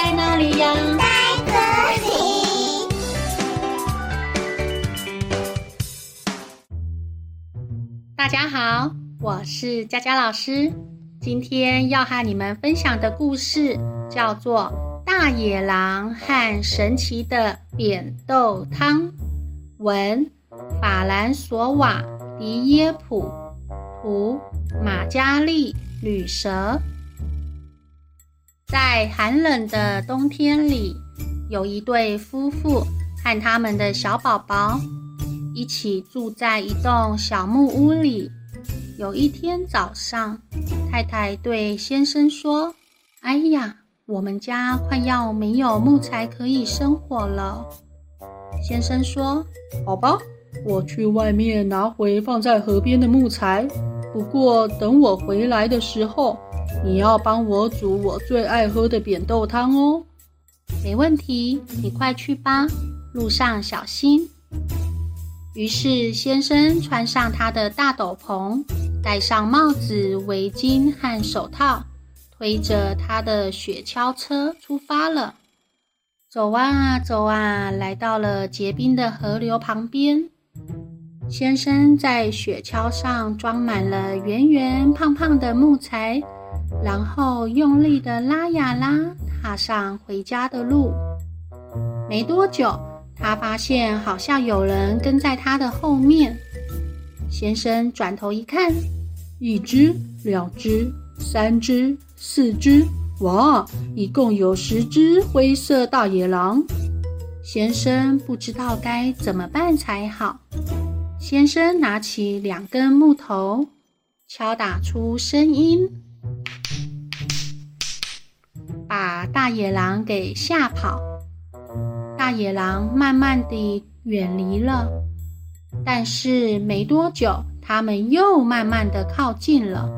在哪裡呀？在這裡。大家好，我是佳佳老師。今天要和你們分享的故事叫做《大野狼和神奇的扁豆湯》，文：法蘭索瓦·迪耶普，圖：馬嘉利·呂舍。在寒冷的冬天裡，有一對夫婦和他們的小寶寶一起住在一棟小木屋裡。有一天早上，太太對先生說：“哎呀，我們家快要沒有木材可以生火了。”先生說：“好吧，我去外面拿回放在河邊的木材。不過等我回來的時候，”你要幫我煮我最愛喝的扁豆湯哦。沒問題，你快去吧，路上小心。於是先生穿上他的大斗篷，戴上帽子、圍巾和手套，推着他的雪橇車出發了。走啊走啊，來到了結冰的河流旁邊。先生在雪橇上裝滿了圓圓胖胖的木材。然後用力地拉呀拉，踏上回家的路。沒多久，他發現好像有人跟在他的後面。先生轉頭一看，一隻、兩隻、三隻、四隻，哇！一共有十隻灰色大野狼。先生不知道該怎麼辦才好。先生拿起兩根木頭，敲打出聲音。大野狼給嚇跑，大野狼慢慢地遠離了，但是沒多久，他們又慢慢地靠近了。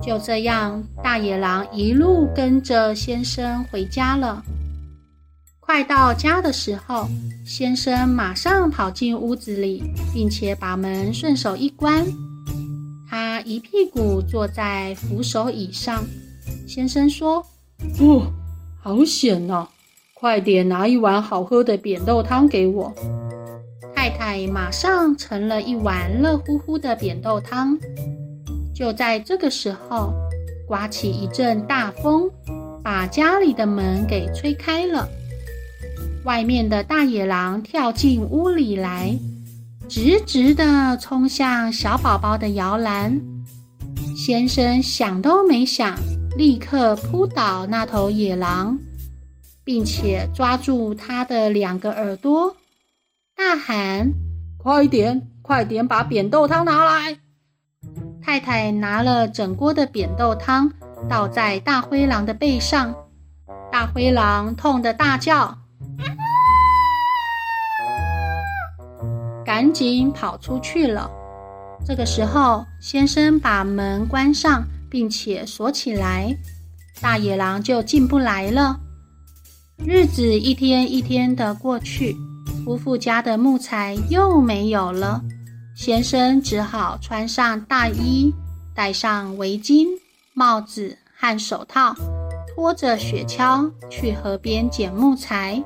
就這樣，大野狼一路跟着先生回家了。快到家的時候，先生馬上跑進屋子裡，並且把門順手一關。他一屁股坐在扶手椅上。先生說：“不。”好險吶！快點拿一碗好喝的扁豆湯給我。太太馬上盛了一碗熱乎乎的扁豆湯。就在這個時候，颳起一陣大風，把家裡的門給吹開了。外面的大野狼跳進屋裡來，直直地衝向小寶寶的搖籃。先生想都沒想，立刻撲倒那頭野狼，並且抓住它的兩個耳朵，大喊：“快點，快點，把扁豆湯拿來！”太太拿了整鍋的扁豆湯，倒在大灰狼的背上，大灰狼痛得大叫，啊、趕緊跑出去了。這個時候，先生把門關上。並且鎖起來，大野狼就進不來了。日子一天一天的過去，夫婦家的木柴又沒有了。先生只好穿上大衣，戴上圍巾、帽子和手套，拖着雪橇去河邊撿木柴。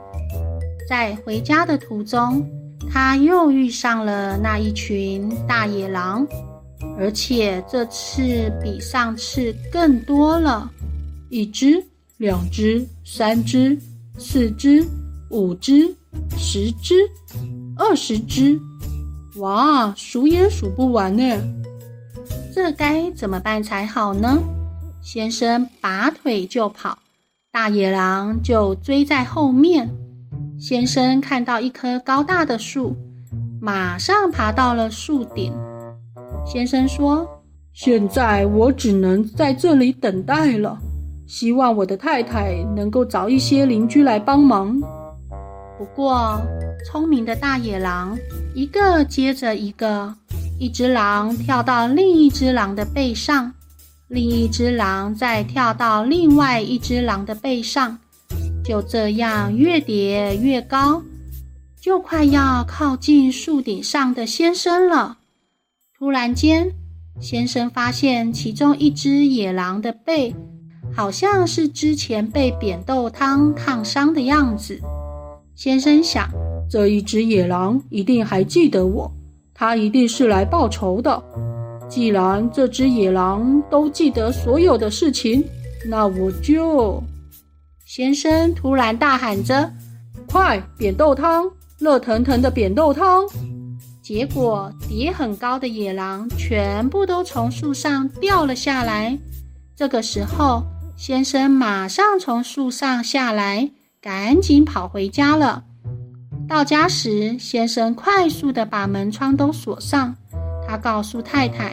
在回家的途中，他又遇上了那一群大野狼。而且這次比上次更多了，一隻、兩隻、三隻、四隻、五隻、十隻、二十隻，哇，數也數不完呢！這該怎麼辦才好呢？先生拔腿就跑，大野狼就追在後面。先生看到一棵高大的樹，馬上爬到了樹頂。先生說：“現在我只能在這裡等待了，希望我的太太能夠找一些鄰居來幫忙。”不過，聰明的大野狼，一個接着一個，一隻狼跳到另一隻狼的背上，另一隻狼再跳到另外一隻狼的背上，就這樣越疊越高，就快要靠近樹頂上的先生了。突然間，先生發現其中一只野狼的背，好像是之前被扁豆湯燙傷的樣子。先生想，這一只野狼一定還記得我，他一定是來報仇的。既然這只野狼都記得所有的事情，那我就……先生突然大喊着：“快，扁豆湯！熱騰騰的扁豆湯！”結果疊很高的野狼全部都從樹上掉了下來。這個時候，先生馬上從樹上下來，趕緊跑回家了。到家時，先生快速地把門窗都鎖上。他告訴太太：“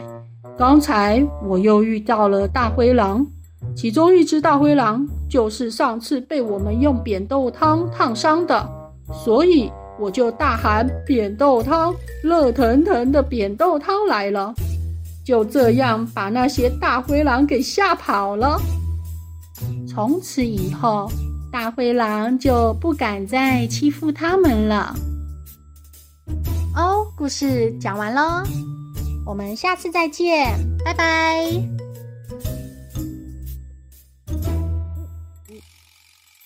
剛才我又遇到了大灰狼，其中一隻大灰狼就是上次被我們用扁豆湯燙傷的，所以。”我就大喊：“扁豆湯，熱騰騰的扁豆湯來了！”就這樣，把那些大灰狼給嚇跑了。從此以後，大灰狼就不敢再欺負他們了。哦，oh，故事講完嘍，我們下次再見，拜拜。